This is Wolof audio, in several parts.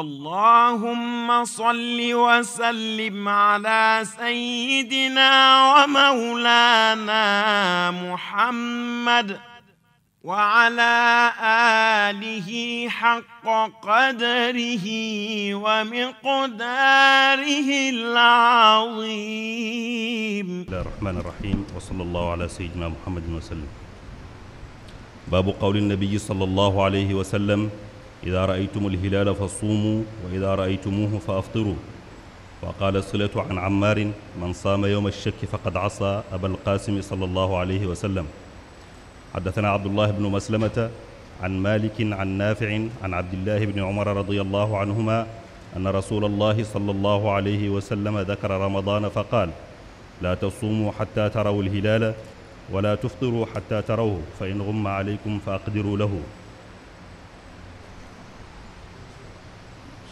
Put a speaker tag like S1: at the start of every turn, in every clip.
S1: اللهم صل وسلم على سيدنا ومولانا محمد وعلى آله حق قدره ومقداره العظيم
S2: بسم الله الرحمن الرحيم وصلى الله على سيدنا محمد وسلم باب قول النبي صلى الله عليه وسلم إذا رأيتم الهلال فصوموا وإذا رأيتموه فأفطروا وقال صلة عن عمار من صام يوم الشك فقد عصى أبا القاسم صلى الله عليه وسلم حدثنا عبد الله بن مسلمة عن مالك عن نافع عن عبد الله بن عمر رضي الله عنهما أن رسول الله صلى الله عليه وسلم ذكر رمضان فقال لا تصوموا حتى تروا الهلال ولا تفطروا حتى تروه فإن غم عليكم فأقدروا له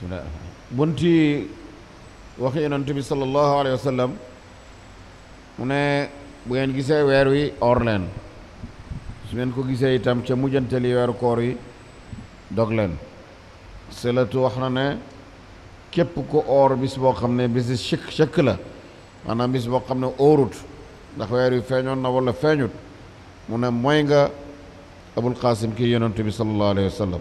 S1: bismillah bunti wax yonent bi sallallahu alayhi wa sallam mu ne bu ngeen gisee weer wi or leen su ngeen ko gisee itam ca mujjanteli weeru koor yi dog leen selatu wax na ne képp ko or bis boo xam ne bisi chëkk chëkk la maanaam bis boo xam ne óorut ndax weer wi feeñoon na wala feeñut mu ne moy nga abul qaasim kii yonent bi sallallahu alayhi wa sallam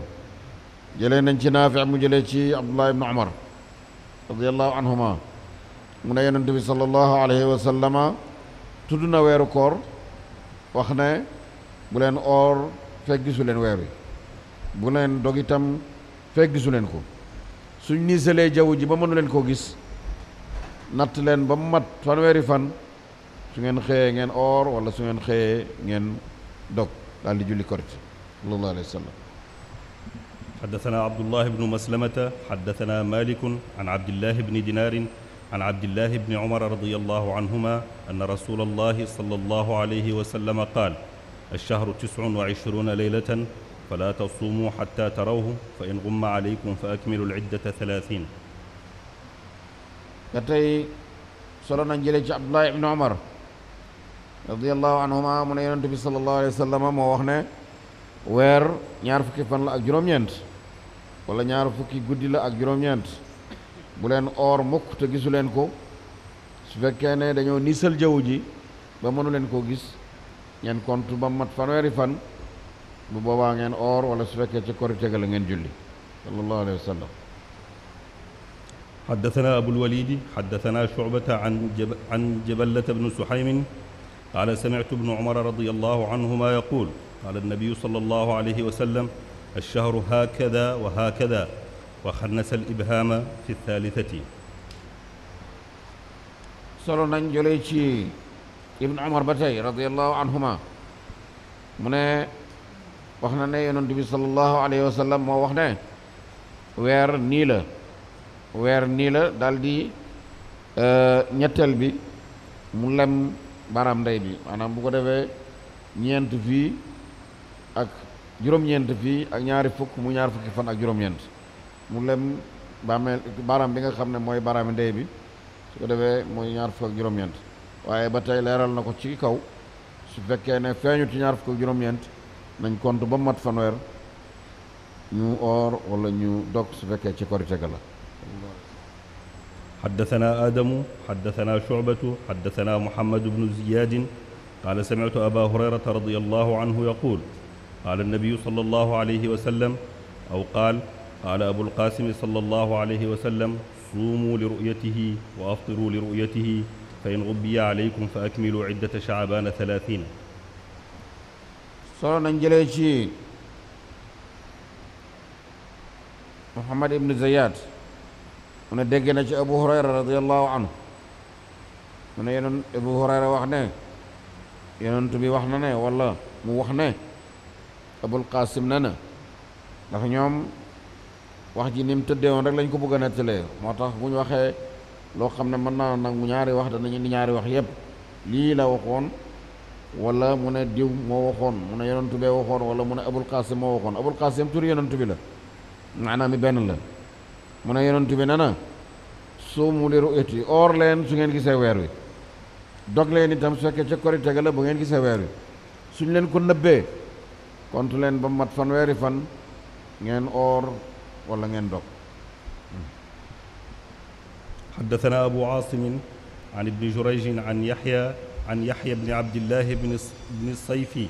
S1: jëlee nañ ci naafi mu jëlee ci abdullah ibn umar radiallahu anhuma mu ne yonent bi sallallahu alayhi wa sallama tudd na weeru koor wax ne bu leen oor fekk gisu leen weer wi bu leen dog itam fekk gisu leen ko suñ niisalee jaww ji ba mënu leen koo gis natt leen ba mu mat fanweeri fan su ngeen xëyee ngeen oor wala su ngeen xëyee ngeen dog daal di julli korite sallallahu alayhi wa sallam
S2: حدثنا عبد الله بن مسلمة حدثنا مالك عن عبد الله بن دينار عن عبد الله بن عمر رضي الله عنهما أن رسول الله صلى الله عليه وسلم قال الشهر تسع وعشرون ليلة فلا تصوموا حتى تروه فإن غم عليكم فأكملوا العدة ثلاثين كتي سرنا جلج
S1: عبد الله بن عمر رضي الله عنهما من ينتبه صلى الله عليه وسلم ووحنا wer ñaar fukki fan la ak juroom ñent wala ñaar fukki guddi la ak juroom ñent bu len or mukk te gisu leen ko su fekkee ne dañoo niisal jaww ji ba mënu len ko gis ñen kontu ba mat fanweeri fan
S2: bu boobaa ngeen or wala su fekkee ci korite ga ngeen julli sallallahu alayhi wasallam حدثنا أبو الوليد حدثنا شعبة عن, جب عن جبلة بن سحيم قال سمعت ابن عمر رضي الله عنهما يقول قال النبي صلى الله عليه وسلم الشهر هكذا وهكذا وخنس الإبهام في الثالثة صلى الله
S1: ابن عمر بتي رضي الله عنهما من وخنا نه النبي صلى الله عليه وسلم ما وخنا وير نيلا وير نيلا دالدي آه، نيتل بي مولم بارام داي بي انا بوكو دافي نينت في ak juróom-ñeent fii ak ñaari fukk mu ñaar fukki fan ak juróom-ñeent mu lem bàmmeel baaraam bi nga xam ne mooy baaraami ndey bi su ko defee mooy ñaar fukk ak juróom-ñeent waaye ba tey leeral na ko ci kaw su fekkee ne feeñu ci ñaar fukk ak juróom-ñeent nañ kont ba mat fanweer ñu oor wala ñu dog su fekkee ci
S2: korite ga la حدثنا آدم حدثنا شعبة حدثنا محمد بن زياد قال سمعت أبا هريرة رضي الله عنه يقول قال النبي صلى الله عليه وسلم أو قال قال أبو القاسم صلى الله عليه وسلم صوموا لرؤيته وأفطروا لرؤيته فإن غبي عليكم فأكملوا عدة شعبان ثلاثين صلى الله محمد بن
S1: زياد من دقنا أبو هريرة رضي الله عنه من أبو هريرة وحنا ينتبه وحنا والله مو وحنا abul qaasim ne na ndax ñoom wax ji ni mu tëddee woon rek lañ ko bëgg a nettalee moo tax bu ñu waxee loo xam ne mën naa nangu ñaari wax danañu indi ñaari wax yépp lii la waxoon wala mu ne diw moo waxoon mu ne yonentu bee waxoon wala mu ne abul qaasim moo waxoon abul qaasim tur yonentu bi la naa mi benn la mu ne yonentu bi ne a suumu li ru'yati oor leen su ngeen gisee weer wi dog leen itam su fekkee ca korite ga la bu ngeen gisee weer wi suñ leen ko nëbbee kontu leen ba mat fanweeri fan ngeen oor wala ngeen dog
S2: حدثنا أبو عاصم عن ابن جريج عن يحيى عن يحيى بن عبد الله بن الصيفي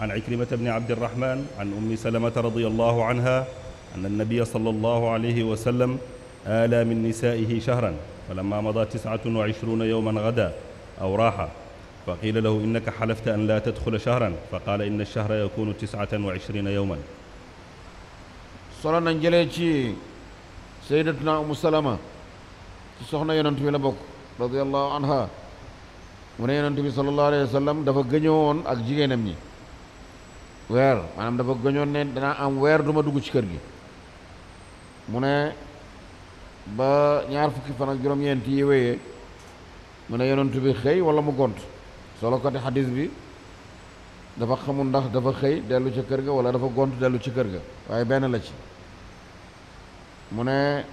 S2: عن عكرمة بن عبد الرحمن عن أم سلمة رضي الله عنها أن النبي صلى الله عليه وسلم آلى من نسائه شهرا فلما مضى تسعة وعشرون يوما غدا أو راحة فقيل له إنك حلفت أن لا تدخل شهرا فقال إن الشهر يكون تسعة وعشرين يوما صلى الله
S1: سيدتنا أم سلمة سخنا ينتمي لبك رضي الله عنها من صلى الله عليه وسلم دفع جنون أجيء نمني وير أنا دفع جنون نين أم وير دوما دوغش كرجي من ba ñaar fukki fan ak juróom ñeenti yi wéyee mu ne solo ko xadis bi dafa xamul ndax dafa xëy dellu ca kër ga wala dafa gont dellu ci kër ga waaye benn la ci mu ne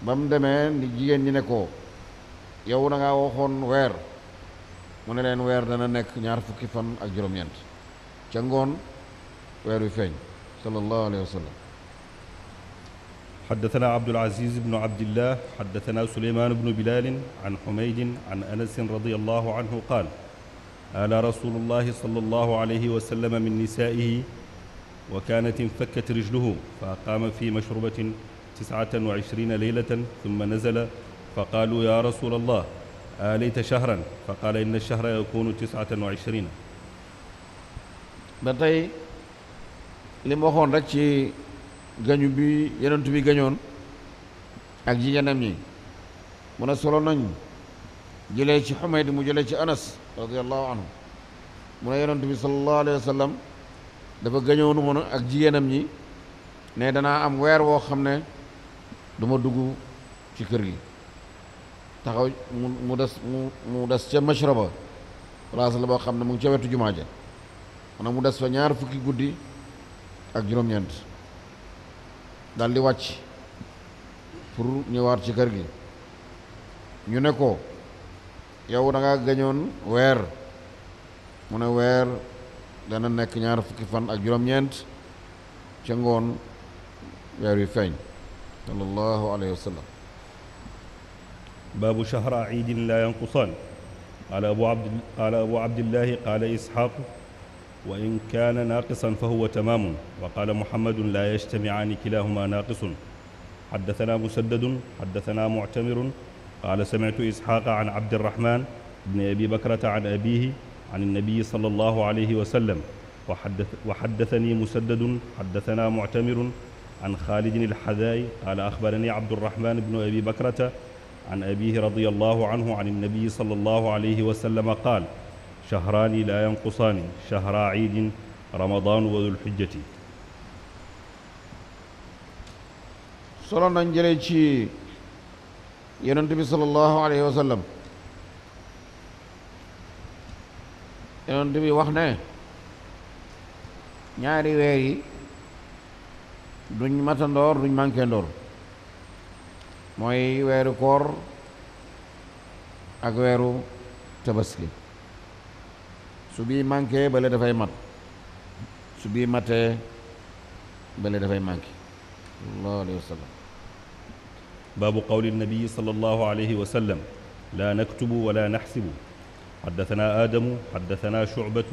S1: ba mu demee ni jigéen ñi ne ko yow da ngaa waxoon weer mu ne leen weer dana nekk ñaar fukki fan ak juróom-ñeent ca
S2: ngoon weer wi feeñ sallallahu alayhi wa حدثنا عبد العزيز بن عبد الله حدثنا سليمان بن بلال عن حميد عن أنس رضي الله عنه قال آل رسول الله صلى الله عليه وسلم من نسائه وكانت انفكت رجله فأقام في مشربة تسعة وعشرين ليلة ثم نزل فقالوا يا رسول الله آليت شهرا فقال إن الشهر يكون تسعة وعشرين بطي tey li gañu bi yonent bi gañoon
S1: ak jigéenam ñi mu a solo nañ jëlee ci Xumayd mu jëlee ci Anas radiyallahu anhu mu ne yonent bi sallallahu alayhi wa dafa gañoon woon ak jigéenam ñi ne danaa am weer woo xam ne du dugg ci kër gi taxaw mu mu des mu mu des ca mashraba place la boo xam ne mu ngi ca wetu jumaa ja mu des fa ñaar fukki guddi ak juróom-ñeent daal di wàcc pour ñëwaat ci kër gi ñu ne ko yow da ngaa weer mu ne weer dana nekk ñaar fukki fan ak juróom-ñeent ca ngoon weer yu feeñ
S2: sallallahu alayhi wa sallam baabu shahra iidin laa yanqusaan qaala abu abd qaala abu abdillahi qaala isxaaq وإن كان ناقصا فهو تمام وقال محمد لا يجتمعان كلاهما ناقص حدثنا مسدد حدثنا معتمر قال سمعت إسحاق عن عبد الرحمن بن أبي بكرة عن أبيه عن النبي صلى الله عليه وسلم وحدث وحدثني مسدد حدثنا معتمر عن خالد الحذائي قال أخبرني عبد الرحمن بن أبي بكرة عن أبيه رضي الله عنه عن النبي صلى الله عليه وسلم قال شهران لا ينقصان شهر عيد رمضان وذو الحجة
S1: سلام نجريتشي ينتبي صلى الله عليه وسلم ينتبي وحنا ناري ويري دون ماتن دور دون مانكن دور موي ويري كور اكويرو تبسكي su bii manqué da fay mat
S2: su bii matee da fay manqué sallallahu alayhi wa sallam باب قول النبي صلى الله عليه وسلم لا نكتب ولا نحسب حدثنا آدم حدثنا شعبة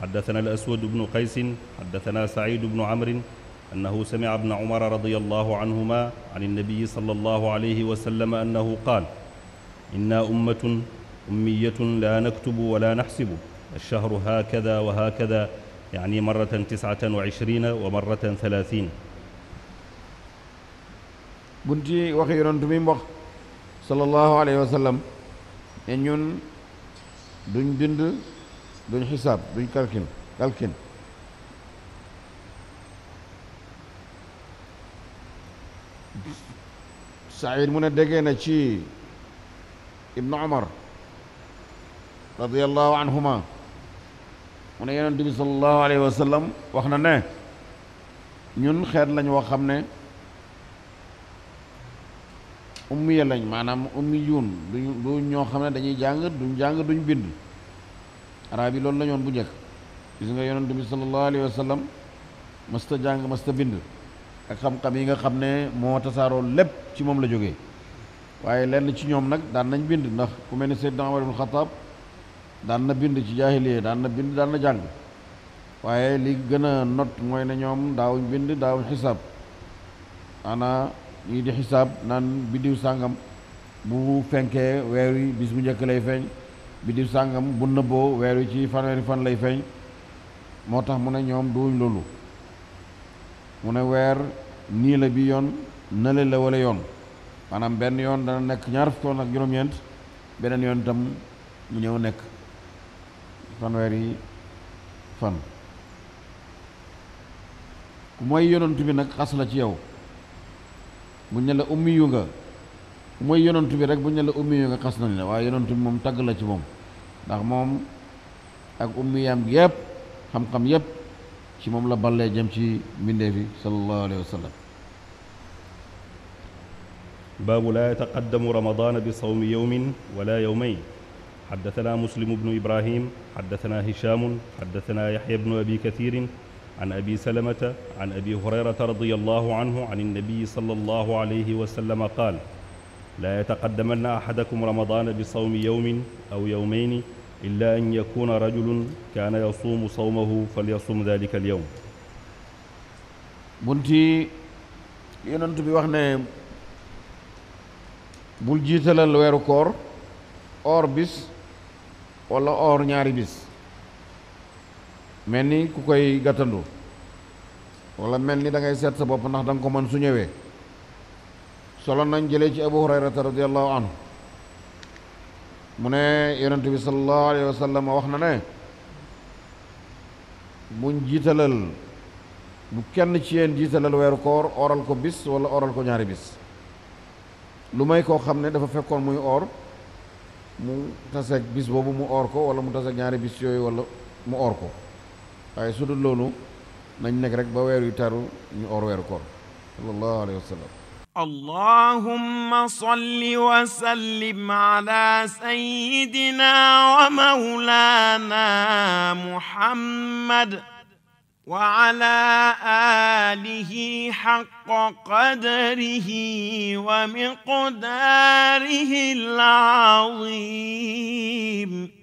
S2: حدثنا الأسود بن قيس حدثنا سعيد بن عمرو أنه سمع ابن عمر رضي الله عنهما عن النبي صلى الله عليه وسلم أنه قال إنا أمة أمية لا نكتب ولا نحسب الشهر هكذا وهكذا يعني مرة تسعة وعشرين ومرة ثلاثين بنتي وخيرا تمين وقت صلى الله عليه وسلم إن
S1: ين دون دند دون حساب دون كالكين كالكين سعيد من الدقينة شي ابن عمر رضي الله عنهما mu ne yonent bi sallallahu alayhi wa sallam wax na ne ñun xeet lañ woo xam ne ummiya lañ maanaam ummi yuun du ñoo xam ne dañuy jàng duñ jàng duñ bind arab yi loolu la ñoon bu njëkk gis nga yonent bi sallallahu alayhi wa sallam mësta jàng mësta bind ak xam-xam yi nga xam ne moo tasaaroo lépp ci moom la jóge waaye lenn ci ñoom nag daan nañ bind ndax ku mel ni Seydina Umar ibn daan na bind ci jaahiliya daan na bind daan na jàng waaye li gën a not mooy ne ñoom daawuñ bind daawuñ xisaab ana ñii di xisaab naan biddiw sàngam bu fenkee weer wi bis bu njëkk lay feeñ biddiw sàngam bu nëbboo weer wi ci fanweeri fan lay feeñ moo tax mu ne ñoom duwuñ loolu mu ne weer nii la bi yoon nële la wala yoon maanaam benn yoon dana nekk ñaar fukki yoon ak juróom-ñeent beneen yoon itam mu ñëw nekk fanweri fan ku moy yonantu bi nak xas la ci yow bu ne la ummi yu nga moy mooy bi rek bu ne la ummi yu nga xas nañ la wa yonantu bi moom tagg la ci mom ndax mom ak ummiyaam yeb xam xam-xam yeb ci mom la balé jëm ci minde fi sallallahu alayhi wasallam
S2: باب لا يتقدم رمضان بصوم يوم ولا يومين حدثنا مسلم بن إبراهيم حدثنا هشام حدثنا يحيى بن أبي كثير عن أبي سلمة عن أبي هريرة رضي الله عنه عن النبي صلى الله عليه وسلم قال لا يتقدمن أحدكم رمضان بصوم يوم أو يومين إلا أن يكون رجل كان يصوم صومه فليصوم ذلك اليوم bunti yonent bi wax
S1: ne bul jiitalal weeru koor or wala or ñaari bis mel ni ku koy gàttandu walla mel ni da ngay seet sa bopp ndax da ko mën su ñëwee solo nañ jëlee ci abu hurayrata radiallahu anhu mu ne yonent bi sallallahu alayhi wa wax na ne buñ jiitalal bu kenn ci yéen jiitalal weeru koor oral ko bis wala oral ko ñaari bis lu may koo xam ne dafa fekkoon muy or mu taseeg bis boobu mu oor ko wala mu taseeg ñaari bis yooyu wala mu oor ko waaye su dul loolu nañ nekk rek ba weer yu taru ñu oor weeru koor sallallahu alayhi wa sallam allahumma salli wa sallim ala sayyidina wa mawlana muhammad وعلى آله حق قدره ومقداره العظيم